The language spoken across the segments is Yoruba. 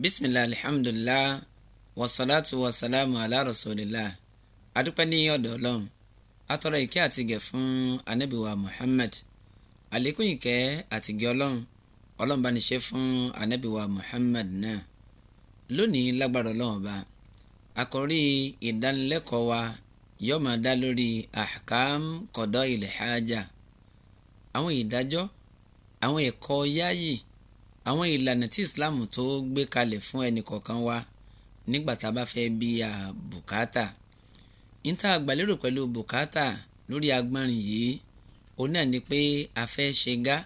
bisimilahi alhamdulilah wasalaatu wasalaamu ala rasulillah adúpẹ́ ní ọ̀dọ̀ ọlọ́run atọrọ ìkẹ́ àti ìgẹ̀ fún anabiwa muhammad àlékún ìkẹ́ àti ìgẹ̀ ọlọ́run ọlọ́run bá ní ṣe fún anabiwa muhammad náà lónìí lágbára ọlọ́run ọba àkọ́rí ìdánilẹ́kọ̀ọ́ wa yóò máa dá lórí ahkam kọ̀dọ̀ ilẹ̀ haja àwọn ìdájọ́ àwọn ẹ̀kọ́ yáàyè àwọn ìlànà tí Islam tó gbé kalẹ̀ fún ẹnì kọ̀ọ̀kan wa nígbà tá a bá fẹ́ bí a bùkátà níta àgbàlérò pẹ̀lú bùkátà lórí agbọ́nrin yìí òun náà ni pé a fẹ́ ṣe gá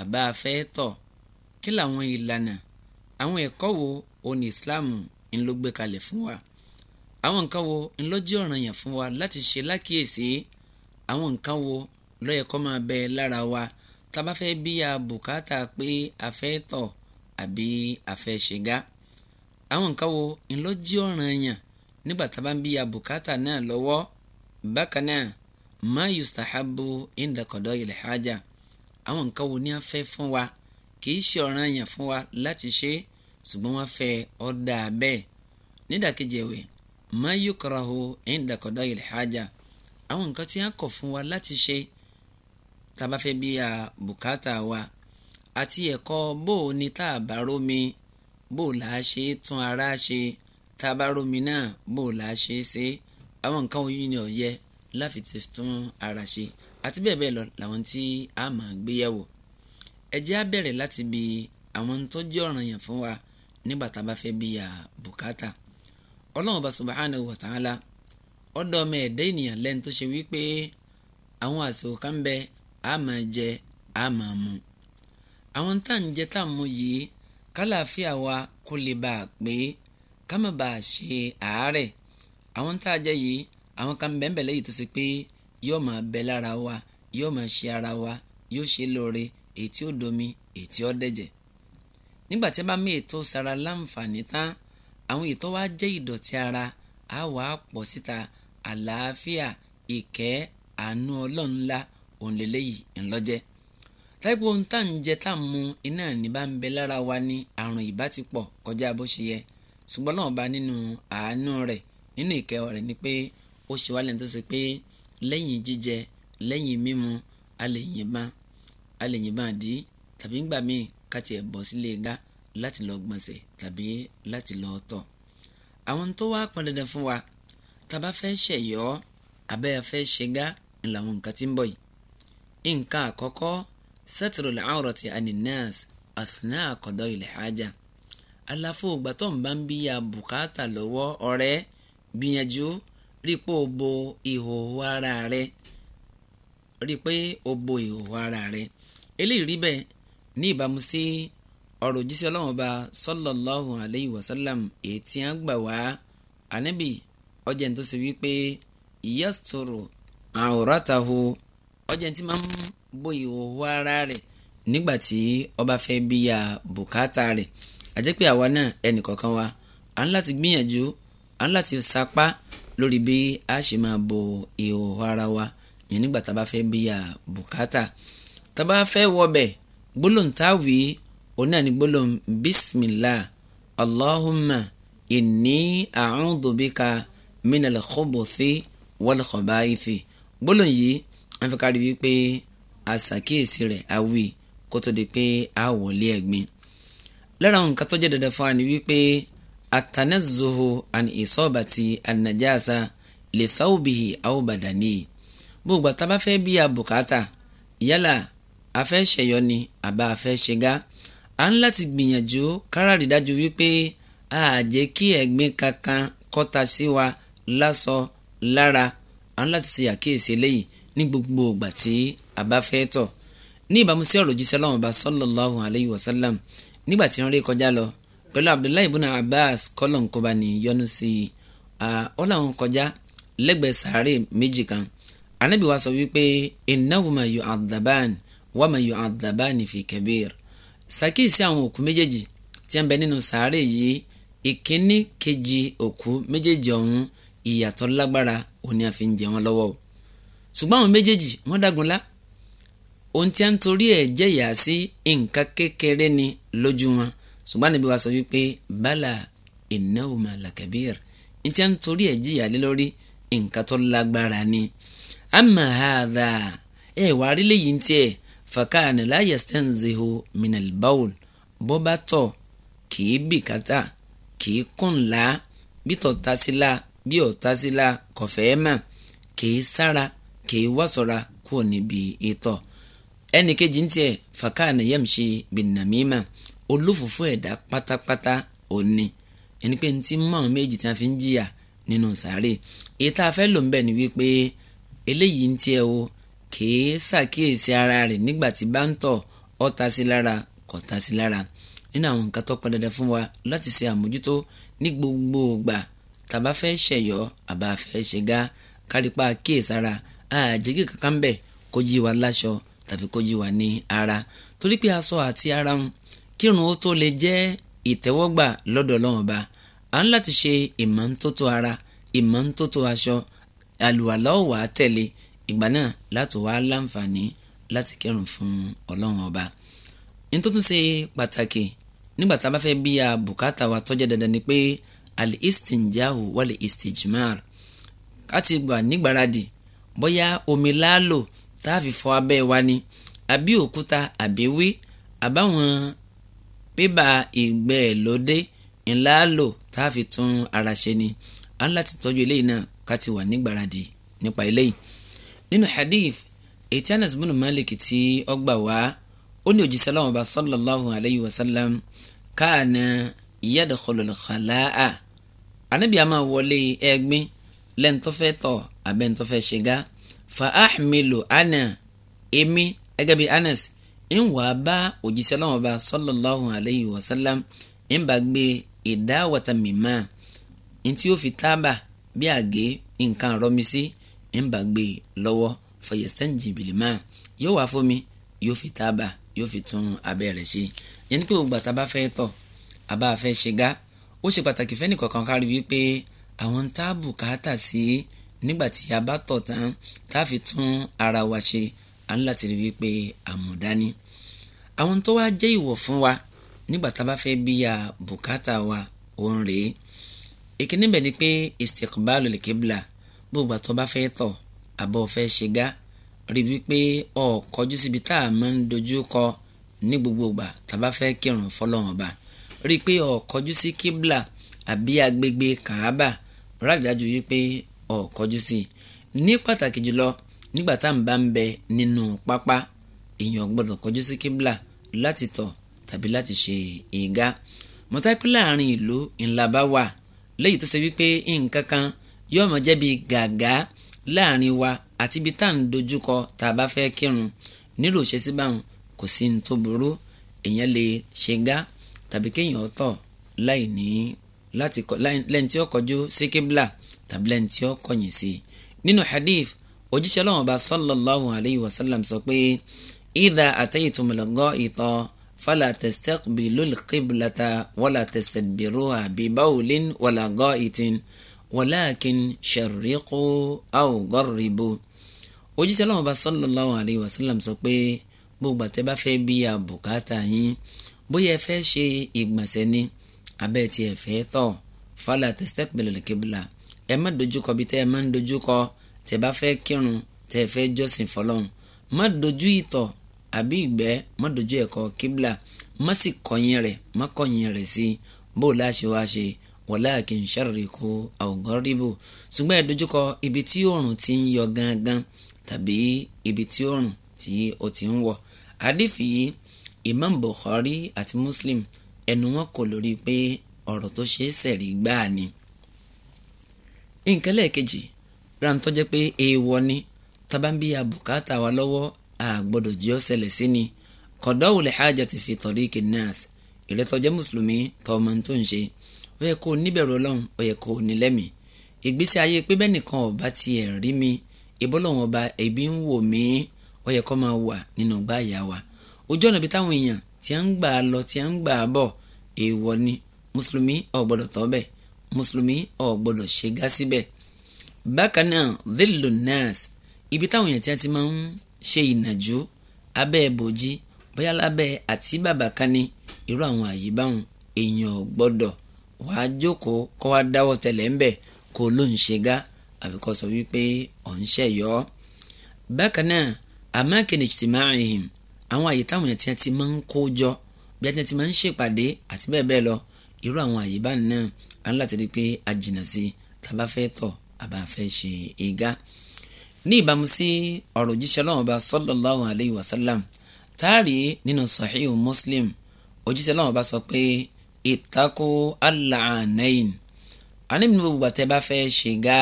àbá a fẹ́ tọ̀ kí làwọn ìlànà àwọn ẹ̀kọ́ wo òun Islam ń ló gbé kalẹ̀ fún wa àwọn nǹkan wo ń ló jẹ́ ọ̀ranyàn fún wa láti ṣe lákìyèsí àwọn nǹkan wo ló máa bẹ lára wa tá a bá fẹ́ bí a bùkátà pé a fẹ́ tọ̀ àbí a fẹ́ ṣègá àwọn nǹkan wo ńlọ́jí ọ̀ràn yàn nígbà tá a bá ń bí a bùkátà náà lọ́wọ́ bákan náà má yustahabu inda qada'il haja àwọn nǹkan wo ni a fẹ́ fún wa kìí ṣe ọ̀ràn yàn fún wa láti ṣe ṣùgbọ́n wọ́n fẹ́ ọ́ dáa bẹ́ẹ̀ nídàkejì ẹ̀wẹ̀ má yukrahu inda qada'il haja àwọn nǹkan tí a kọ̀ fún wa láti ṣe tá a bá fẹ́ bí a bùkátà wa àti ẹ̀kọ́ bó o ní tá a bá rómi bó o là á ṣe tún ara ṣe tá a bá rómi náà bó o là á ṣe ṣe àwọn nǹkan oyún ni ọ̀yẹ́ láfi ti tún ara ṣe àti bẹ́ẹ̀ bẹ́ẹ̀ lọ làwọn tí a máa gbé yẹ̀wò á bẹ̀rẹ̀ láti bi àwọn tó jẹ́ ọ̀ranyàn fún wa nígbà tá a bá fẹ́ bí a bùkátà ọlọ́run ọba subhanahu wa ta'ala ọmọ ẹ̀dá ènìyàn lẹ́nu tó ṣe wípé àwọn àsìkò kan bẹ́ẹ̀ a máa jẹ a máa mu àwọn tá à ń jẹ tá à ń mu yìí kálàáfíà wa kó lè bá a pé ká má bàa ṣe àárẹ̀ àwọn tá a jẹ yìí àwọn kan bẹ́ẹ̀ lẹ́yìn tó ṣe pé yóò máa bẹ lára wa yóò máa ṣe ara wa yóò ṣe lóore ètí ó domi ètí ó dẹ̀jẹ̀ nígbà tí a bá mú ètò sara láǹfààní tán àwọn ètò wa jẹ́ ìdọ̀tí ara á wàá pọ̀ síta àlàáfíà ìkẹ́ àánú ọlọ́run ńlá òun lè léyìí ńlọ́jẹ́ táìpọ̀ ohun tá à ń jẹ tá à ń mu iná ní bá ń bẹ lára wa ní àrùn ìbá ti pọ̀ kọjá bó ṣe yẹ ṣùgbọ́n náà bá nínú àánú rẹ̀ nínú ìkẹ́ rẹ̀ ni pé ó ṣe wá lẹ́nu tó ṣe pé lẹ́yìn jíjẹ lẹ́yìn mímu a lè yìnbọn a lè yìnbọn àdí tàbí ńgbà míì ká tiẹ̀ bọ̀ sílé gá láti lọ gbọ̀nsẹ̀ tàbí láti lọ tọ̀ àwọn tó wá pọn dandan fún wa tá a bá fẹ́ ṣẹ̀yọ́ abẹ́ afẹ́ ṣe gá ńlá àwọn nǹkan tí ń bọ̀ yìí nǹkan àkọ́kọ́ satrul awrati anin nas athna qada il haja aláfo ògbà tó ń bá ń bí ya bùkátà lọ́wọ́ ọ̀rẹ́ gbìyànjú rí pé o bo ìhòòhò ara rẹ rí pé o bo ìhòòhò ara rẹ eléyìí rí bẹ́ẹ̀ ní ìbámu sí ọ̀rọ̀ òjíṣẹ́ ọlọ́run ọba sallallahu alayhi wa sallam ètí á gbà wá ànábì ọjà ní tó ṣe wípé yasturu awratahu ọjà tí máa ń bo ìhòòhò ara rẹ̀ nígbà tí ọba fẹ́ bíya bùkátà rẹ̀ àjẹ́ pé àwa náà ẹnì kọ̀ọ̀kan wa à ń láti gbìyànjú à ń láti sapá lórí bí a ṣe máa bo ìhòòhò ara wa yẹn nígbà tá a bá fẹ́ bíya bùkátà tá a bá fẹ́ wọbẹ̀ gbólóhùn táwìí òun náà ni gbólóhùn bismillah allahumma inni a'udhu bika minal khubuthi wal khabaithi gbólóhùn yìí wọ́n fẹ́ kárí wípé a ṣàkíyèsí rẹ̀ a wí kó tó di pé a wọlé ẹ̀gbin lára àwọn nǹkan tó jẹ́ dandan fún wa ni wípé atanazuhu an isobati anajasa lè fáwọ́bìhì àwòbàdàní gbogbo àtàbá fẹ́ bí a bùkátà yálà a fẹ́ ṣẹ̀yọ ni àbá a fẹ́ a ń láti gbìyànjú káràrí dájú wípé a jẹ́ kí ẹ̀gbin kankan kọ́ta sí wa lásọ lára a ń láti ṣe àkíyèsí eléyìí ní gbogbo ìgbà tí a bá fẹ́ tọ̀ ní ìbámu sí ọ̀rọ̀ jíṣẹ́ lọ́wọ́ bá sallallahu alayhi wa sallam nígbà tí wọ́n rí kọjá lọ pẹ̀lú Abdullahi ibn Abbas kọ́lọ̀nkọba ní yọnu sí i ó làwọn kọjá lẹ́gbẹ̀ẹ́ sàárè méjì kan Ànábì wa sọ wípé innahuma yu'adhaban wa ma yu'adhaban fi kabir sàkíyèsí àwọn òkú méjèèjì tí ń bẹ nínú sàárè yìí ìkíní kejì òkú méjèèjì ọ̀hún ìyàtọ̀ lágbára òní àfi ń jẹ wọn lọ́wọ́ o ṣùgbọ́n àwọn méjèèjì wọ́n dágun lá ohun tí a ń torí ẹ̀ jẹ̀yà sí nǹkan kékeré ni lójú wọn ṣùgbọ́n níbi wa sọ wípé bala innahu ma lakabir ní tí a ń torí ẹ̀ jìyà lé lórí nǹkan tó lágbára ni amma hadha ẹ̀ wà á rí lẹ́yìn tiẹ̀ fakana la yastanzihu minal bawl bó bá tọ̀ kìí bìkátà kìí kùnlá bí tọ̀ bí ọ̀ tasí kọ̀fẹ́ mà kìí sára kìí wá sọ̀ra kúrò níbi ìtọ̀ ẹnì kejì ń tiẹ̀ fàkàánà yamshi bin namima olófòfó ẹ̀dá pátápátá òní ẹni pé ntí mọ́ àwọn méjì tí wọ́n fi ń jìyà nínú sàárè ìta afẹ́ ló ń bẹ̀ ni wípé eléyìí ń tiẹ̀ o kìí ṣàkíyèsí ara rẹ̀ nígbà tí bá ń tọ̀ ó ta sí lára kò ta sí lára nínú àwọn nǹkan tó pọn dandan fún wa láti ṣe àmójútó ní gbogbo ìgbà tàbá fẹ́ ṣẹ̀yọ́ àbá fẹ́ ṣe kárípá kíyèsára àjẹgí kankan ń bẹ kó yí wa láṣọ tàbí kó yí wa ní ara torí pé aṣọ àti ara ń kírun ó tó lè jẹ́ ìtẹ́wọ́gbà lọ́dọ̀ Ọlọ́run Ọba à ń láti ṣe ìmọ́ntótó ara ìmọ́ntótó aṣọ àlùwàlá ó tẹ̀lé ìgbà náà láti wá láǹfààní láti kírun fún Ọlọ́run Ọba ní ṣe pàtàkì nígbà tá a bá fẹ́ bí a bùkátà wa tọ́jẹ́ dandan ni pé al-istinjahu wal-istijmar káti gbà nígbàradì bóyá omi láàlò tá a fi fọ abẹ́ wa ni àbí òkúta àbíwí àbáwọn bébà ìgbẹ́ lóde ńlá lò tá tún ara ṣe ni a ń láti tọ́jú eléyìí náà ká ti wà nígbàradì nípa eléyìí nínú hadith ètí Anas bin Malik tí ó gbà wá ó ní òjíṣẹ́ láwọn ọba sallallahu alayhi wa sallam káàna yadkhulul khalaa anabi a máa wọlé ẹ̀gbin lẹ́ni tó fẹ́ fa ahmilu ana èmi gẹ́gẹ́ bíi anas ń wàá bá òjíṣẹ́ náà bá sallallahu alayhi wa sallam ń bá gbé ìdáwọ̀tà mìíràn ntí ó fi tábà bí àgé nǹkan rọmi sí ń bá gbé lọ́wọ́ fọyẹ̀stẹ́ǹjì bìlìmá yóò wá fún mi yóò fi tábà yóò fi tún abẹ́ ṣe yẹn ní pé ògbà bá fẹ́ tọ̀ àbá fẹ́ ṣe ó ṣe pàtàkì fẹ́ni kọ̀ọ̀kan kárí wípé àwọn tá a bùkátà sí nígbà tí a bá tọ̀ tán tá tún ara wa ṣe à ń láti rí wípé àmùdání àwọn tó wá jẹ́ ìwọ̀ fún wa nígbà tá a bá fẹ́ bíya bùkátà wa òun rèé ìkíní bẹ̀ ni pé istiqbalu likibla gbogbo àtọ́ bá fẹ́ tọ̀ àbọ̀ fẹ́ ṣe gá rí wípé ó kọjú síbi tá a máa ń dojú kọ ní gbogbo ìgbà tá a bá fẹ́ kírun fọlọ́wọ́n ba rí pé ó sí kíbla àbí agbègbè kàábà rárá dájú wípé ọ̀ kọjú sí i ní pàtàkì jùlọ nígbà tá à ń bá ń bẹ nínú pápá èèyàn gbọ́dọ̀ kọjú sí kíbla láti tọ̀ tàbí láti ṣe ìga mọ̀tàpí láàrin ìlú ńlá bá wà léyìí tó ṣe wípé nǹkan kan yóò mọ̀ jẹ́ bí gàgá láàrin wa àti ibi tá à ń dojúkọ tá a bá fẹ́ kírun nílò ṣe sí báwọn kò sí ní tó burú èèyàn lè ṣe gá tàbí kéèyàn tọ̀ láì ní láti lẹ́yìn tí ó kọjú sí kíbla tàbí lẹ́yìn tí ó kọ̀yìn sí i. nínú hadith òjíṣẹ́ ọlọ́run ọba sallallahu alayhi wa sallam sọ pé idha ataytumul ghaita fala tastaqbilul qiblata wala tastadbiruha bibawlin wala ghaitin walakin sharriqu aw gharribu. òjíṣẹ́ ọlọ́run ọba sallallahu alayhi wa sallam sọ pé gbogbo àtẹ́ fẹ́ bí àbùkátà yín bóyá ẹ fẹ́ ṣe ìgbọ̀nsẹ̀ ni abẹ́ tí ẹ fẹ́ tọ̀ fala tastaqbilu al-qibla ẹ má dojúkọ bí tẹ́ ẹ má ń dojúkọ tẹ́ bá fẹ́ kírun tẹ́ ẹ fẹ́ jọ́sìn fọlọ́run má dojú ìtọ̀ àbí ìgbẹ́ má dojú ẹ̀kọ́ kíbla má sì kọ̀yìn rẹ̀ má kọ̀yìn rẹ̀ sí bó o láṣẹ wá ṣe walakin sharriqu aw gharibu ṣùgbọ́n ẹ dojúkọ ibi tí oòrùn ti ń yọ gangan tàbí ibi tí oòrùn tí o ti ń wọ̀ àdìfì Imam Bukhari àti Muslim ẹnu wọn kò lórí pé ọ̀rọ̀ tó ṣe é sẹ̀rí gbáà ni. nǹkan lẹ́ẹ̀kejì rántọ́ jẹ́ pé èèwọ̀ ni tábà ń bí abùkátà wa lọ́wọ́ àgbọ́dọ̀ jí ọ́ ṣẹlẹ̀ sí ni kọ̀dọ́wù lè hájà ti fi tọ̀rí kì nas ìrẹ́tọ́jẹ́ mùsùlùmí tọ́mọ tó ń ṣe ó yẹ kó o níbẹ̀rù ọlọ́run ó yẹ kó o ní lẹ́mìí ìgbésí ayé pé bẹ́ẹ̀ nìkan ọba tiẹ̀ rí mi ìbọ́lọ́wọ́n ọba ẹ̀bí ń wò mí ó yẹ kó máa wà nínú gbáàyà wa ojú ọ̀nà bíi táwọn èèyàn tí a ń gbà lọ tí a ń gbà bọ̀ èèwọ̀ ni mùsùlùmí ò gbọ́dọ̀ tọ́ bẹ̀ mùsùlùmí ò gbọ́dọ̀ ṣe gá síbẹ̀ bákan náà dhillu nas ibi táwọn èèyàn tí a ti máa ń ṣe ìnàjú abẹ́ bòjì bóyá lábẹ́ àti bàbá kan ní irú àwọn àyè báwọn èèyàn ò wàá jókòó kó wá dáwọ́ tẹ̀lé ńbẹ̀ kó ló ń ṣe gá àbí sọ wípé ọ̀ ń ṣẹ̀yọ́ bákan náà amákìnìjìtìmáàrìhìn àwọn àyè táwọn èèyàn tí a ti máa ń kó jọ bí a ti máa ń ṣèpàdé àti bẹ́ẹ̀ bẹ́ẹ̀ lọ irú àwọn àyè bá náà a ń láti rí i pé a jìnnà sí tàbá fẹ́ tọ̀ àbá fẹ́ ṣe ìgá. ní ìbámu sí ọ̀rọ̀ òjíṣẹ́ Ọlọ́run bá sallallahu alayhi wa sallam táàrí nínú Sahihu Muslim òjíṣẹ́ Ọlọ́run bá sọ pé ittaqu al-la'anayn àní mi gbogbo bá fẹ́ ṣe ìgá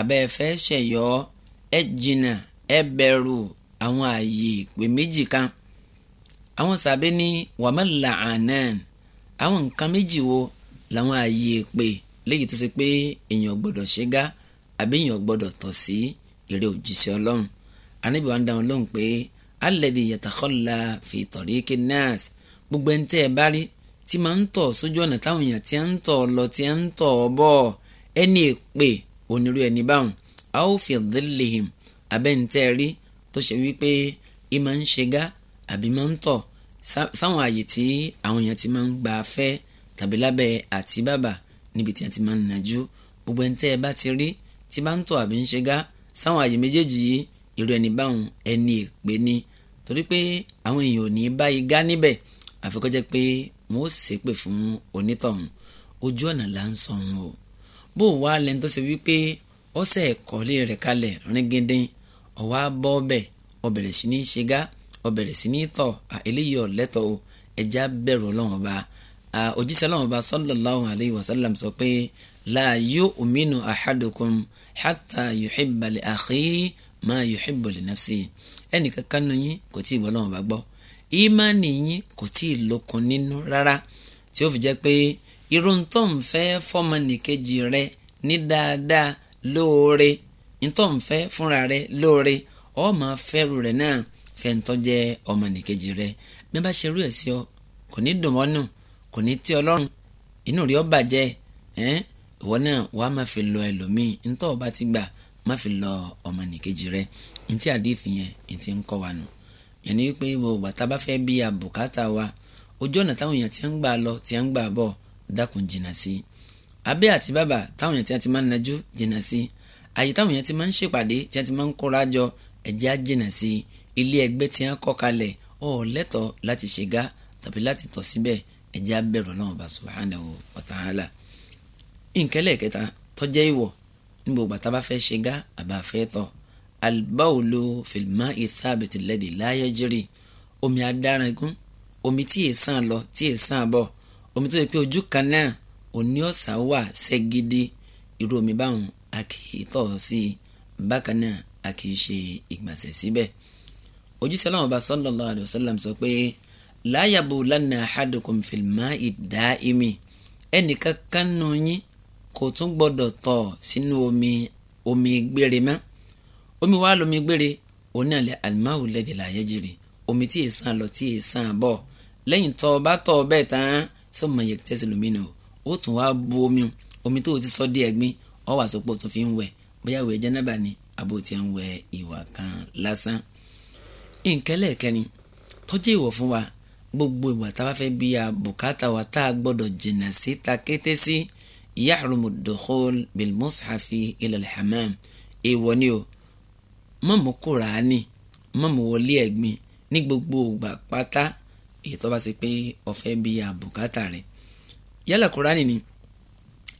àbẹ́ fẹ́ ṣẹ̀yọ́ ẹ jìnnà ẹ bẹ̀rù àwọn ààyè ìpè méjì kan àwọn sàbẹ ní wàmẹ́là anan àwọn nǹkan méjì wo làwọn ààyè ìpè léyìí tó ṣe pé èèyàn gbọ́dọ̀ ṣe gá àbí èèyàn gbọ́dọ̀ tọ̀ sí eré òjíṣẹ́ ọlọ́run anábì wa ń dáhùn lóhùn pé alẹ́dì yàtàkọ́lá fi tọ̀rí kí nọ́ọ̀sì gbogbo ẹni tẹ́ ẹ bá rí tí máa ń tọ̀ sójú ọ̀nà táwọn èèyàn tí ń tọ̀ lọ tí ń tọ̀ bọ̀ ẹni èpè onírú ẹni báwọn a ó fi dhillihim abẹ́ntẹ́ rí tó ṣe wípé ì máa ń ṣe gá àbí máa ń tọ̀ sáwọn àyè tí àwọn èèyàn ti máa ń gba afẹ́ tàbí lábẹ́ àti bàbà níbi tí a ti máa ń nàjú gbogbo ẹni tẹ́ ẹ bá ti rí tí bá ń tọ̀ àbí ń ṣe gá sáwọn àyè méjèèjì yìí irú ẹni báwọn ẹni èpè ni torí pé àwọn èèyàn ò ní bá igá níbẹ̀ àfi kó jẹ́ pé wọ́n ó ṣépè fún onítọ̀hún ojú ọ̀nà là ń sọ òun o bó wàá lẹ́nu tó ṣe wípé ọ̀sẹ̀ ẹ̀kọ́lé rẹ̀ kalẹ̀ ríngindín ọ̀wá bọ́ ọbẹ̀ ọbẹ̀rẹ̀ sí ní ṣẹ́gá ọbẹ̀rẹ̀ sí ní tọ̀ eléyìí ọ̀lẹ́tọ̀ o ẹja bẹ̀rù ọlọ́run ọba òjíṣẹ́ ọlọ́run ọba sallallahu alayhi wa sallam sọ pé la yu'minu ahadukum hatta yuhibba li akhihi ma yuhibbu li nafsi ẹnì kankan nù yín kò tí ì gbọ́ ọlọ́run ọba gbọ́ ìmánì yín kò tí ì lókun nínú rárá tí ó fi jẹ́ pé irun tó ń fẹ́ fọ́mọnìkejì rẹ ní dáadáa lóore ntọ́ nfẹ́ fúnra rẹ lóore ọ máa fẹ́rù rẹ náà fẹ́ntọ́ jẹ́ ọmọnìkejì rẹ bí wọ́n bá ṣerú ẹ̀ sí ọ kò ní dùn mọ́nù kò ní tí ọlọ́run inú rí ọ bàjẹ́ ẹ́ ìwọ náà wàá máa fi lọ ẹlòmíì ntọ́ ọba ti gbà má fi lọ ọmọnìkejì rẹ ntí àdéhìí yẹn ntí ń kọ́ wa nù yẹn ni wípé gbogbo àtà bá fẹ́ bí àbùkátà wa ojú ọ̀nà táwọn èèyàn ti ń gbà lọ ti ń gbà bọ̀ dákun jìnnà sí abẹ́ àti bàbà táwọn èèyàn ti máa ń najú jìnnà sí àyè táwọn èèyàn ti máa ń ṣèpàdé tí wọ́n ti máa ń kóra jọ ẹ̀jẹ̀ àjìnà sí ilé ẹgbẹ́ tí wọ́n kọ́ kalẹ̀ ọ̀ lẹ́tọ̀ọ́ láti ṣe gá tàbí láti tọ̀ síbẹ̀ ẹ̀jẹ̀ abẹ́rù náà bá subhanahu wa ta'ala. nkẹ́lẹ̀ kẹta tọ́jẹ́ ìwọ̀ níbo bàtà bá fẹ́ ṣe gá àbá fẹ́ tọ̀ albawlu fil ma'i thabit alladhi la yajri omi adárangun omi tí è sàn lọ tí è sàn bọ̀ omi tó yẹ pé ojú kan náà òní ọ̀sà wà sẹ́gidi irú omi báwọn a kì í tọ̀ sí i bákan náà a kì í ṣe ìgbọ̀nsẹ̀ síbẹ̀ ojúṣe aláwọ̀ bá sallallahu alayhi wa sallam sọ pé la yabulanna ahadukum fil ma'i da'imi ẹnìkan kan nù yín kò tún gbọdọ̀ tọ̀ sínú omi omi gbére mọ́ omi wàá lomi gbére òun náà lẹ alimahu lẹ́dí la yajiri omi tí èsàn lọ tí èsàn bọ̀ lẹ́yìn tọ́ ọ bá tọ̀ ọ bẹ́ẹ̀ tán fún mọ̀ yẹn tẹ́sí ó tún wá bu omi omi tó ti sọ di ẹ̀gbin ọ wà sọpọ̀ tó fi ń wẹ̀ bóyá wẹ̀ jẹ́nẹ́bà ni àbò tí ń wẹ̀ ìwà kan lásán. ìǹkẹ́lẹ̀ kẹrin tọ́jú ìwọ̀ fún wa gbogbo ìwà tá a bá fẹ́ bí a bùkátà wa tá a gbọ́dọ̀ jìnnà sí ta kété sí yahrumu dukhul bil mushafi ila al hamam èèwọ̀ ni o mọ̀mú kúránì mọ̀mú wọlé ẹ̀gbin ní gbogbo ìgbà pátá èyí tó bá ṣe pé ọ̀fẹ́ bí a bùkátà rẹ̀ yálà kúránì ni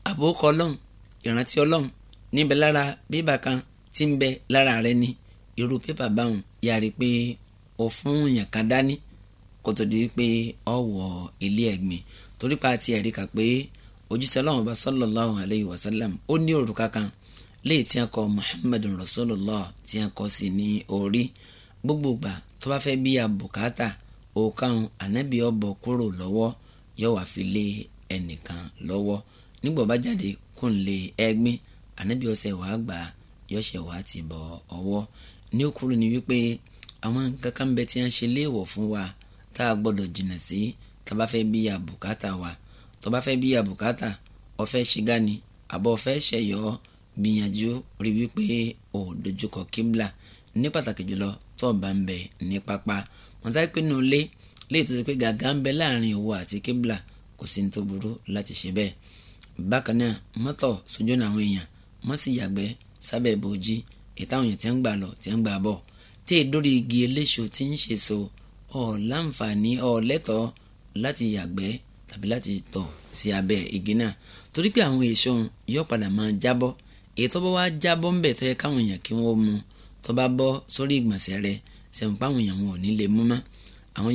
àbókọ́ lọ́hùn ìrántí ọlọ́run níbẹ̀ lára bébà kan tí ń bẹ lára rẹ ni irú pépà báwọn yàrí pé o fún yàn kan dání kó tó di pé ọ wọ ilé ẹ̀gbìn torí pa àti ẹ̀rí kà pé ojúṣe ọlọ́run ọba sallallahu alayhi wa sallam ó ní òrùka kan léè tí a kọ muhammadun rasulullah tí a kọ sí ní orí gbogbo ìgbà tó bá fẹ́ bí abùkátà òkàun ànábì ọbọ̀ kúrò lọ́wọ́ yóò wá fi lé ẹnìkan lọ́wọ́ nígbà ọba jáde kò ń lè ẹgbin ànábì ọsẹ wàá gbà yọṣẹ wàá ti bọ ọwọ́ ní òkúrú ni wípé àwọn nǹkan kan bẹ tí a ń ṣe léèwọ̀ fún wa tá a gbọ́dọ̀ jìnnà sí tá a bá fẹ́ bí àbùkátà wa tó bá fẹ́ bí àbùkátà ọfẹ́ ṣìgá ni àbọ̀ ọfẹ́ ṣẹ̀yọ́ gbìyànjú rí wípé ò dojúkọ kíbla ní pàtàkì jùlọ tó bá ń bẹ ní pápá wọn táyé pé nínú ilé léè ti pé gàgà ń bẹ láàrin òwò àti kíbla kò sí ní tó burú láti ṣe bẹ́ẹ̀ bákan náà mọ́tọ̀ sójú ọ̀nà àwọn èèyàn wọ́n sì yàgbẹ́ sábẹ́ ìbòjì ìtàwọn èèyàn ti ń gbà lọ ti ń gbà bọ̀ tí èdórí igi eléso ti ń ṣèso ọ̀ láǹfààní ọ̀ lẹ́tọ̀ọ́ láti yàgbẹ́ tàbí láti tọ̀ sí abẹ́ igi náà torí pé àwọn èso yóò padà máa jábọ́ èyí tó bá wá jábọ́ ńbẹ̀ tó yẹ káwọn èèyàn kí wọ́n mu tó bá bọ́ sórí ìgbọ̀nsẹ̀ rẹ sẹ̀mùpá àwọn èèyàn wọn ò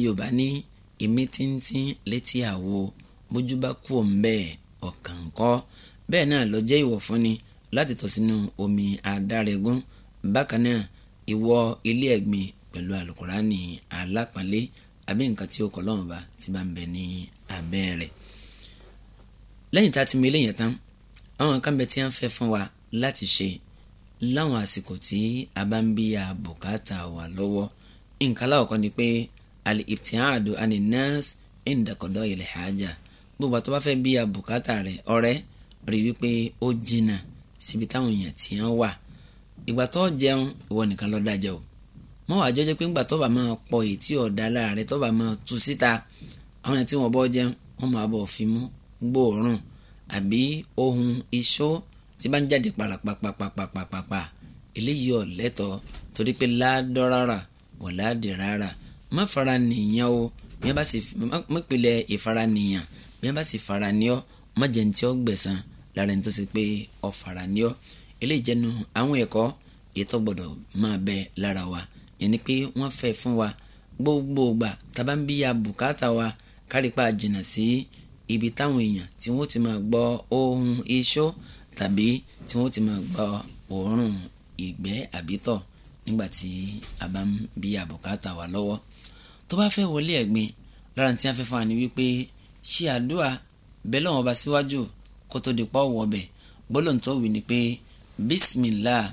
ní ọ̀kàn kọ́ bẹ́ẹ̀ náà ló jẹ́ ìwọ̀ fúnni láti tọ̀ sínú omi adáregún bákan náà ìwọ ilé ẹ̀gbin pẹ̀lú alukurani alápọ̀nlé àbí nǹkan tí ó kọ́ lọ́wọ́n bá ti bá ń bẹ ní abẹ́ rẹ̀ lẹ́yìn tá a ti mú eléyìí tán àwọn kan bẹ tí a ń fẹ́ fún wa láti ṣe láwọn àsìkò tí a bá ń bí a bùkátà wà lọ́wọ́ nǹkan láwọ̀kọ́ ni pé al-ibti'adu ani nas inda qada'i al gbogbo àti tó bá fẹ́ bí abùkátà rẹ̀ ọ̀rẹ́ rí wípé ó jìnnà síbi táwọn èèyàn tí wọ́n wà ìgbà tó jẹun ìwọ nìkan ló dá o mọ́ wàá jọ́jọ́ pé ńgbà tó bá máa pọ̀ ètí ọ̀dà láàrẹ̀ tó bá máa tu síta àwọn èèyàn tí wọ́n bọ́ jẹun wọ́n máa bọ̀ fi mú gbòòrùn àbí ohun iṣó tí bá ń jáde pàràpàpàpàpàpàpà eléyìí ọ̀lẹ́tọ̀ torí pé ládọ́rara wọ̀ ládìrara má fara nìyàn o bí wọ́n bá sì bí wọ́n bá sì fara ní ọ́ mọ̀jẹ̀ ní tí ó gbẹ̀san lára ẹni tó ṣe pé ọ fara ní ọ́ eléyìí jẹ́nu àwọn ẹ̀kọ́ ètò gbọ́dọ̀ máa bẹ lára wa yẹn pé wọ́n fẹ́ fún wa gbogbo tábà ń bí ya bùkátà wa kárípa jìnnà sí ibi táwọn èèyàn tí wọ́n ti máa gbọ́ ohun iṣó tàbí tí wọ́n ti máa gbọ́ òórùn ìgbẹ́ àbítọ̀ nígbà a bá ń bí àbùkátà wa lọ́wọ́ tó bá fẹ́ wọlé ẹ̀gbin lára tí a fẹ́ fún wa ni wípé ṣe àdúrà bẹ́ẹ̀ lọ́wọ́ bá síwájú kó tó di pọ́ wọ̀ bẹ̀ gbọ́dọ̀ tó wí ni pé bismillah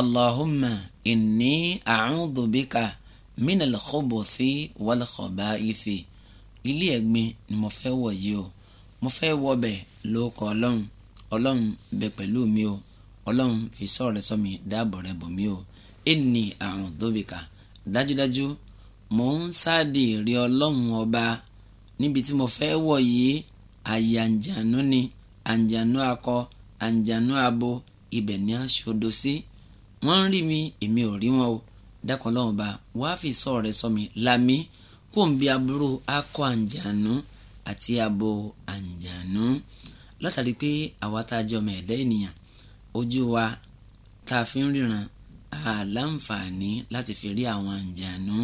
allahumma inni a'udhu bika minal khubuthi wal khabaithi ilé ẹ̀gbin ni mo fẹ́ wọ̀ yìí o mo fẹ́ wọ̀ bẹ̀ ló kọ́ ọlọ́run ọlọ́run bẹ pẹ̀lú mi o ọlọ́run fi sọ̀rọ̀ sọ mi dáàbò rẹ bò mí o inni a'udhu dájúdájú mò ń sáàdì rí ọlọ́run ọba níbi tí mo fẹ́ wọ̀ yìí àyè àǹjànú ni àǹjànú akọ àǹjànú abo ibẹ̀ ni a ṣodo sí wọ́n ń rí mi èmi ò rí wọn o dákun Ọlọ́run bá wàá fi sọ rẹ sọ mi lami kó n bí aburú akọ àǹjànú àti abo àǹjànú látàrí pé àwa tá a jẹ ọmọ ẹ̀dá ènìyàn ojú wa tá a fi ń ríran àlàǹfààní láti fi rí àwọn àǹjànú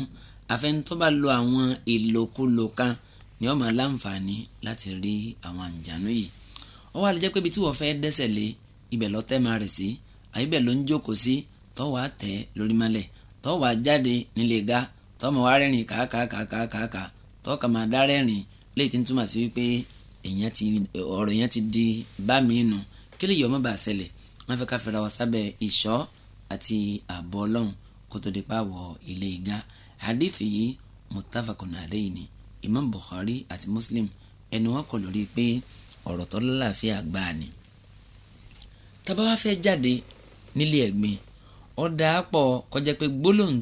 àfẹnitọ́ bá lo àwọn ìlòkulò kan ni ó máa láǹfààní láti rí àwọn àǹjànú yìí ó wá lè jẹ́ pé ibi tí wọ́n fẹ́ dẹ́sẹ̀ lé ibẹ̀ lọ tẹ́ máa rẹ̀ sí àyíbẹ̀ ló ń jókòó sí tọ́wọ́ àtẹ lórí mọ́lẹ̀ tọ́wọ́ àjáde nílé ga tọ́mọ wa rẹ́rìn kàákàákàákàá tọ́ka máa dá rẹ́rìn léyìí tí ń túmọ̀ sí wípé ọ̀rọ̀ yẹn ti di bá mi nù kí lè yọ ọmọ bá ṣẹlẹ̀ wọ́n fẹ́ ká fẹ́ra wa sábẹ́ ìṣọ́ àti ààbò ọlọ́run kó tó di pàwọ̀ ilé ìga àdìfì yìí mutafakun alayni Imam Bukhari àti Muslim ẹni wọn kọ lórí pé ọ̀rọ̀ tó lálàáfíà gbáà ni. tábà wá fẹ́ jáde nílé ẹ̀gbin ó dáa pọ̀ kọjá pé gbólóhùn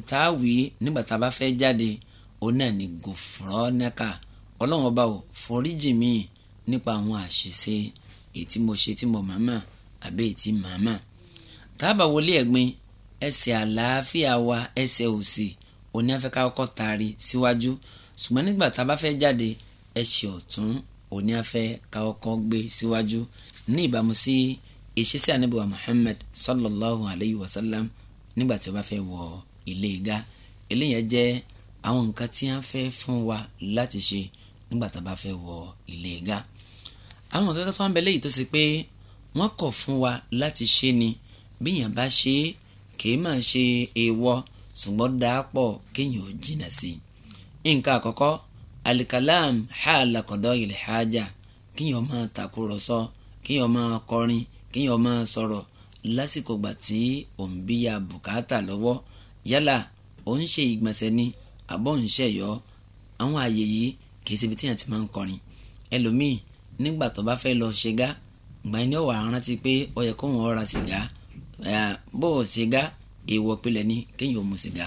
nígbà tá fẹ́ jáde òun náà ni gòfúrọ́nẹ́kà ọlọ́run ọba ò foríjì mí nípa àwọn àṣìṣe ètí mo ṣe tí mo màmá àbẹ́ ètí màmá tábà wọlé ẹ̀gbin ẹsẹ̀ àlàáfíà wa ẹsẹ̀ òsì onífẹ́ká kọ́ taari síwájú si ṣùgbọ́n nígbà tá a bá fẹ́ jáde ẹsẹ̀ ọ̀tún òní afẹ́ káwọ́kọ́ gbé síwájú ní ìbámu sí ìṣesí anábìwá Muhammad sallallahu alayhi wa sallam nígbà tí a bá fẹ́ wọ ilé ga eléyàn jẹ́ àwọn nǹkan tí wọ́n fẹ́ fún wa láti ṣe nígbà tá a bá fẹ́ wọ ilé ga àwọn kankan tó ń bẹ léyìí tó ṣe pé wọ́n kọ̀ fún wa láti ṣe ni bí yàn bá ṣe kì í máa ṣe èèwọ̀ ṣùgbọ́n dáa pọ̀ kéèyàn ò jìnnà sí i nǹkan àkọ́kọ́ alikalam haala kọ̀dọ̀ ilẹ̀ haja kíyàn máa takùrọ̀sọ kíyàn máa kọrin kíyàn máa sọ̀rọ̀ lásìkò gbà tí òun bí ya bùkátà lọ́wọ́ yálà ò ń ṣe ìgbọ̀nsẹ̀ ni àbọ̀ ń ṣẹ̀yọ́ àwọn àyè yìí kìí ṣe ibi tíyàn ti máa ń kọrin ẹlòmíì nígbà tó bá fẹ́ lọ ṣe gá gbà ní ọ̀wà rántí pé ó yẹ kóun ọ̀ra sìgá bó o ṣe gá èèwọ̀ pilẹ̀ ni kéèyàn ò mu sìgá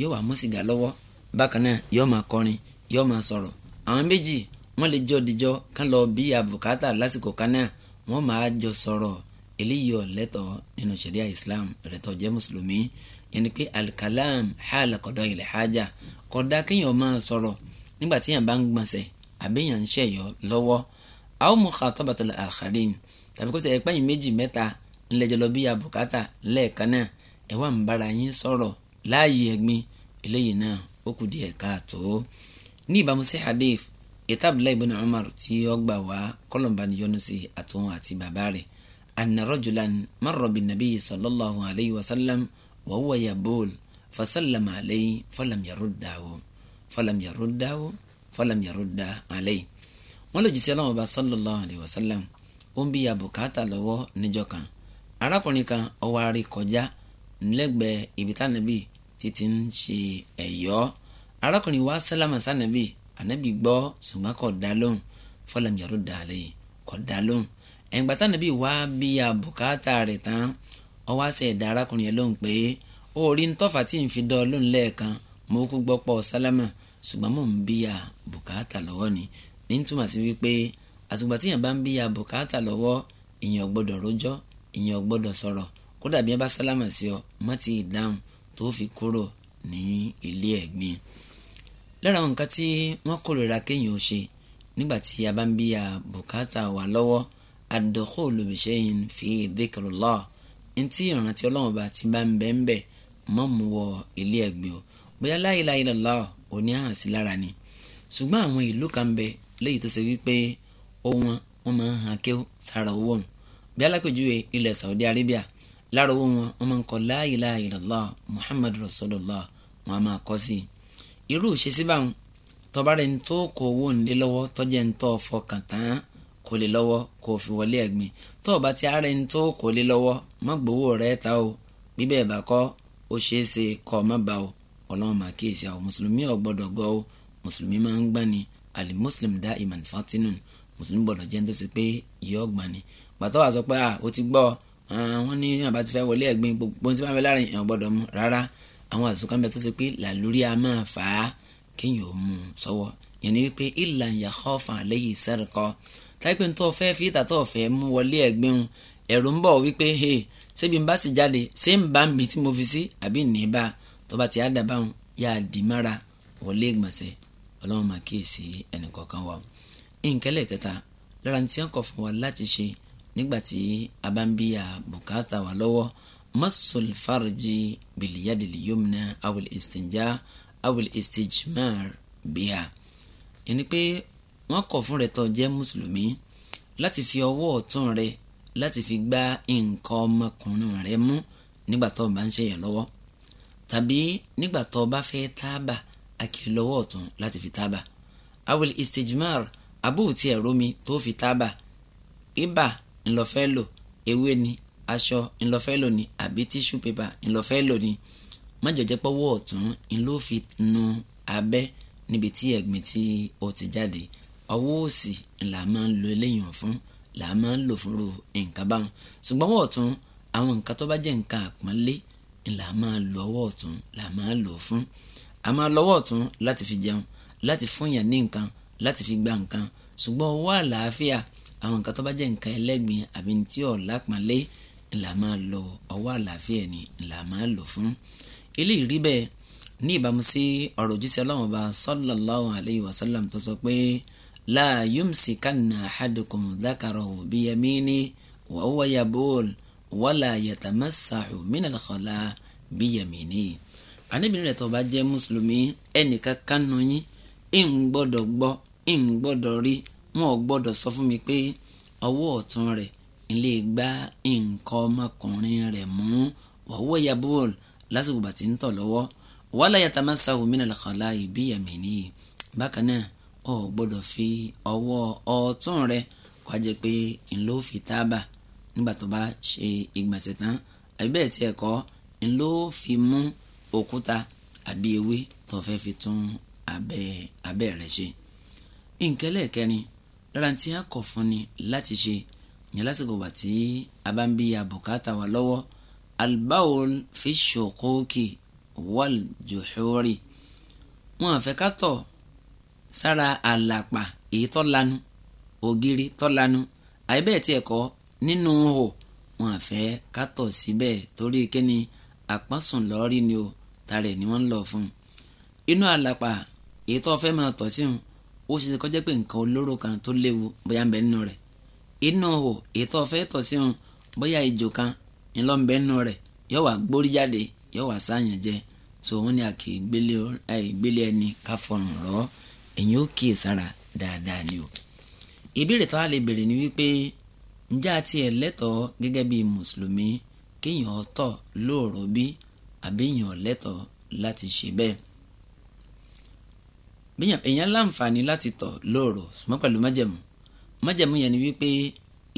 yóò wá mú sìgá lọ́wọ́ bákan náà yóò máa kọrin yóò máa sọ̀rọ̀ àwọn méjì wọ́n lè jọ dìjọ kán lọ bí àbùkátà lásìkò kan náà wọ́n máa jọ sọ̀rọ̀ eléyìí ọ̀lẹ́tọ̀ nínú ṣẹ̀ríà Islam rẹ̀ tó jẹ́ mùsùlùmí yẹn ni pé alikalam hàlà kọ̀dọ̀ ilẹ̀ hajà kódà kéèyàn máa sọ̀rọ̀ nígbà tí yàn bá ń gbọ̀nsẹ̀ àbí yàn ń ṣẹ̀yọ lọ́wọ́ àwọn mukhatabatul akharin tàbí kó tẹ̀ ẹ̀pẹ́ yìí méjì mẹ́ta ńlẹ́jọ́ lọ bí àbùkátà lẹ́ẹ̀kan náà ẹ̀ ń bára yín sọ̀rọ̀ láàyè ẹ̀gbin eléyìí náà ó kù díẹ̀ káàtó ní ìbámu sí hadith ètò abdullahi ibn umar tí ó gbà wá kọlọmbani yọ́nú sí àtúnwò àti bàbá rẹ̀ anna rajulan marra bin nabiyyi sallallahu alayhi wa sallam wa huwa yabul fasallama alayhi falam yaruddahu falam yaruddahu falam yarudda alayhi wọn lè jùsí ọlọ́wọ́n sallallahu alayhi wa sallam ó ń bí ya bùkátà lọ́wọ́ níjọ́ kan arákùnrin kan ó wá kọjá nílẹ́gbẹ̀ẹ́ ibi tánàbí títí ń ṣe ẹ̀yọ́ arákùnrin wa sálámà sànàbì ànábì gbọ́ ṣùgbọ́n kò dá lóhùn fọlọ́n yàrá dà lẹ́yìn kò dá lóhùn ẹ̀ǹgbà sànàbì wá bí i àbùkátà rẹ̀ tán ó wá ṣe ẹ̀dá arákùnrin yẹn lóhùn pé ó rí ń tọ́fà tí ń fi dán lóhùn lẹ́ẹ̀kan mo kú gbọ́ pọ̀ sálámà ṣùgbọ́n mò ń bí àbùkátà lọ́wọ́ ni ní túmọ̀ sí wípé àtùgbà tí yàn bá ń bí àbùkátà lọ́wọ́ ìyàn gbọ́dọ̀ gbọ́dọ̀ sọ̀rọ̀ kódà tó fi kúrò ní ilé ẹ̀gbin lára àwọn nǹkan tí wọ́n kórìíra kéèyàn ó ṣe nígbà tí a bá ń bí a bùkátà wà lọ́wọ́ ad-dukhulu bi shay'in fi dhikrillah ntí ìrántí Ọlọ́run bá ti bá ń bẹ́ẹ̀ ń bẹ́ẹ̀ mọ́ mu wọ ilé ẹ̀gbin o bóyá la ilaha illallah òní hàn sí lára ni ṣùgbọ́n àwọn ìlú kan bẹ léyìí tó ṣe wípé ó wọn wọn máa ń hàn kéw sára owó bí alákòjúwe ilẹ̀ Saudi Arabia lára owó wọn wọn máa ń kọ la ilaha illallah muhammadu rasulullah wọn a máa kọ sí i irú ìṣesí báwọn tọba rẹ̀ ń tó kó owó ńlẹ́ lọ́wọ́ tọ́jà ń tọ́ fọkàn tán kò lè lọ́wọ́ kò fi wọlé ẹ̀gbin tọ́ọ̀bá tí ara ń tó kò lè lọ́wọ́ má gbowó rẹ̀ ta o bíbẹ̀ bá kọ́ ó ṣeé ṣe kọ́ ọ má ba o ọlọ́run máa kíyèsí àwọn mùsùlùmí ọ̀gbọ́dọ̀ gbọ́ o mùsùlùmí máa ń gbani àlè mùsùlùmí dá ìmàn fatinun mùsùlùmí gbọ́dọ̀ jẹ́ ń tó ṣe pé ìyọ́ gbani pàtó wàá sọ pé à ó ti gbọ́ ọ Ah, wọ́n ní àbá ti fẹ́ wọlé ẹ̀gbin gbogbo tí wọ́n fẹ́ láàrin èèyàn gbọ́dọ̀ mu rárá àwọn àsùnkàn bẹ ṣe pé làlórí a máa fà á kéèyàn ò mú un sọ́wọ́ yẹn ni wípé ìlà ìyàkọ́ fà lẹ́yìn ìsẹ́rìkọ́ táìpé tó fẹ́ fi ìta tó fẹ́ mú wọlé ẹ̀gbin ẹ̀rù ń bọ̀ wípé he ṣébi ń bá sì jáde ṣé ń bá mi tí mo fi sí àbí ní bá tó bá ti á dàbá wọn yá di mára wọlé ìgbọ̀nsẹ̀ ọlọ́run máa kíyèsí ẹnì kọ̀ọ̀kan wa nígbà tí a bá ń bí a bùkátà wà lọ́wọ́ masul farji biliyadil yomna awil istinja awil istijmar bia ẹni pé wọ́n kọ̀ fún rẹ tó jẹ́ mùsùlùmí láti fi ọwọ́ ọ̀tún rẹ láti fi gbá nǹkan ọmọkùnrin rẹ mú nígbà tó bá ń ṣèyàn lọ́wọ́ tàbí nígbà tó bá fẹ́ tábà akiri lọ́wọ́ ọ̀tún láti fi tábà awil istijmar abúùtí ẹ̀rọ mi tó fi tábà ibà ńlọfẹ́ lò ewé ni aṣọ ńlọfẹ́ lò ni àbí tíṣù pépà ńlọfẹ́ lò ni májèjẹ́ pọ́wọ́ ọ̀tún ńlọ fi nu abẹ́ níbi tí ẹ̀gbìn tí ó ti jáde ọwọ́ òsì là máa ń lo eléyìí hàn fún là máa ń lò fúnru nǹkan báwọn ṣùgbọ́n ọwọ́ ọ̀tún àwọn nǹkan tó bá jẹ́ nǹkan àpọ́nlé là máa lo ọwọ́ ọ̀tún là máa lò fún a máa lọ́wọ́ ọ̀tún láti fi jẹun láti fún yàn ní nǹkan láti fi gba nǹkan ṣùgbọ́n ọwọ́ àlàáfíà àwọn nǹkan tó bá jẹ́ nǹkan ẹlẹ́gbin àbí ní tí ọ̀la pọ́nlé ńlá máa lo ọwọ́ àlàáfíà ni ńlá máa lò fún. eléyìí rí bẹ́ẹ̀ ní ìbámu sí ọ̀rọ̀ òjíṣẹ́ ọlọ́run ọba sallallahu alayhi wa sallam tó sọ pé la yumsikanna ahadukum dhakarahu biyamini wa huwa yabul wala yatamassahu minal khala biyamini. àníbìnrin rẹ̀ tó bá jẹ́ mùsùlùmí ẹnìkan kánú yín ń gbọ́ ń rí wọn ò gbọ́dọ̀ sọ fún mi pé ọwọ́ ọ̀tún rẹ̀ ń lè gbá nǹkan ọmọkùnrin rẹ̀ mú wọ́wọ́ ya bọ́ọ̀lù lásìkò bàtí ń tọ̀ lọ́wọ́ wala yatamassahu minal khala'i bi yaminihi bákan náà ò gbọ́dọ̀ fi ọwọ́ ọ̀tún rẹ̀ kó jẹ́ pé ńlọ fi tábà nígbà tó bá ṣe ìgbọ̀nsẹ̀ tán àbí bẹ́ẹ̀ tiẹ̀ kọ́ ńlọ fi mú òkúta àbí ewé tó fẹ́ fi tún abẹ́ abẹ́ ṣe. nkẹ́lẹ́ kẹrin lára tí a kọ̀ fún ni láti ṣe yẹn lásìkò wà tí a bá ń bí ya bùkátà wa lọ́wọ́ albawol fi ṣòkókè wal jòhóri wọn àfẹ́ ká tọ̀ sára àlàpà èyí tó lanu ògiri tó lanu àìbẹ́ẹ̀ tí ẹ̀kọ́ nínú hò wọn àfẹ́ ká tọ̀ síbẹ̀ torí kíni àpọ́nsùn lọ́ọ́rí ni o tarẹ̀ ni wọ́n ń lọ fún un inú àlàpà èyí tó fẹ́ máa tọ̀ sí un ó sì kọ́ jẹ́ pé nǹkan olóró kan tó léwu bóyá ń bẹ nínú rẹ̀ inú hò ètò ọ̀fẹ́ tọ̀ sí hun bóyá ìjò kan ńlọ ń nínú rẹ̀ yóò wá gbórí jáde yóò wá sáyàn jẹ so wọn ni a kì í gbélé ẹni ká fọrùn rọ ẹ̀yin ó kíyè sára dáadáa ni o ìbéèrè tó a lè béèrè ni wípé ǹjẹ́ àti ẹ̀ lẹ́tọ̀ọ́ gẹ́gẹ́ bíi mùsùlùmí kéèyàn ọ̀tọ̀ lóòrò bí àbí èèyàn láti ṣe bẹ́ẹ̀ bíyàn èèyàn láǹfààní láti tọ̀ lóòrò ṣùgbọ́n pẹ̀lú májẹ̀mú májẹ̀mú yẹn ni wípé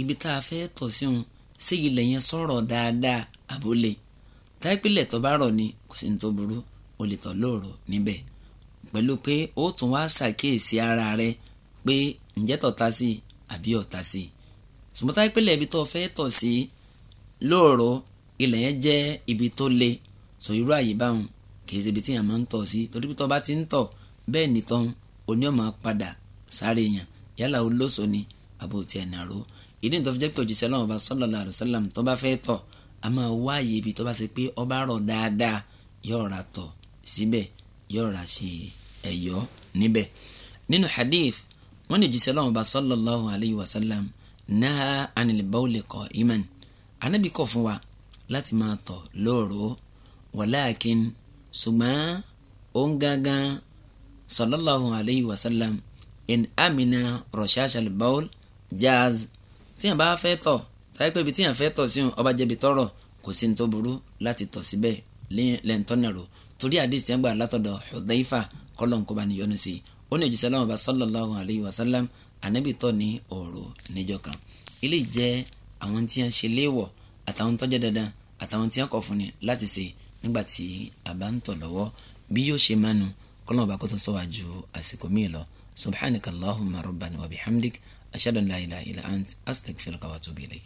ibi tá a fẹ́ tọ̀ sí òun sí ilẹ̀ yẹn sọ̀rọ̀ dáadáa àbólé táìpìlẹ̀ tó bá rọ̀ ni kò sí ní tó burú o lè tọ̀ lóòrò níbẹ̀ pẹ̀lú pé ó tún wá ṣàkíyèsí ara rẹ pé ǹjẹ́ tọ̀ ta sí àbí ọ̀ta sí ṣùgbọ́n táìpìlẹ̀ ibi tó fẹ́ tọ̀ sí lóòrò ilẹ̀ yẹn jẹ́ ibi tó le sọ irú àyè báwọn kì í ṣe ibi tí yàn máa ń tọ̀ sí torí pé tó bá ti ń tọ̀ bẹ́ẹ̀ nìtàn oní ọmọ padà sáré yàn yálà olóso ni àbò tí ẹ̀ nàró ìdí nítorí jẹ́ pé òjíṣẹ́ ọlọ́run ọba sallallahu alaihi wasallam tó bá fẹ́ tọ̀ a máa wá àyè ibi tó bá ṣe pé ọba rọ̀ dáadáa yóò ra tọ̀ síbẹ̀ yóò ra ṣe ẹ̀yọ́ níbẹ̀ nínú hadith wọ́n ní òjíṣẹ́ ọlọ́run ọba sallallahu alaihi wasallam náà anil bawli qa'iman anábì kọ̀ fún wa láti máa tọ̀ lóòró walakin sallallahu alayhi wa sallam in amina rọ̀ṣáṣá baul jaz tíyàn bá fẹ́ tọ̀ táyé pé ibi tíyàn fẹ́ tọ̀ sí ọba jẹ̀bi tọ̀rọ̀ kò sí ní tó burú láti tọ̀ síbẹ̀ lẹ́ńtọ́nẹ̀rò torí àdìs tí gbà látọ̀dọ̀ Hudhaifa kọ́lọ́n bá ní sí i ó ní òjíṣẹ́ lọ́wọ́ bá sallallahu alayhi wa sallam ànábì tọ̀ ní òòrò níjọ́ kan ilé jẹ́ àwọn tí wọ́n ṣe léèwọ̀ àtàwọn tó jẹ́ dandan àtàwọn tí kọ̀ fún ni láti ṣe nígbà tí a ń tọ̀ lọ́wọ́ bí yóò ṣe mánu kọ́lọ́mù bá kó tó sọ́wọ́ ju àsìkò míì lọ subhanaka allahumma rabbana wa bihamdik ashhadu an la ilaha illa ant astaghfiruka wa atubu ilayk.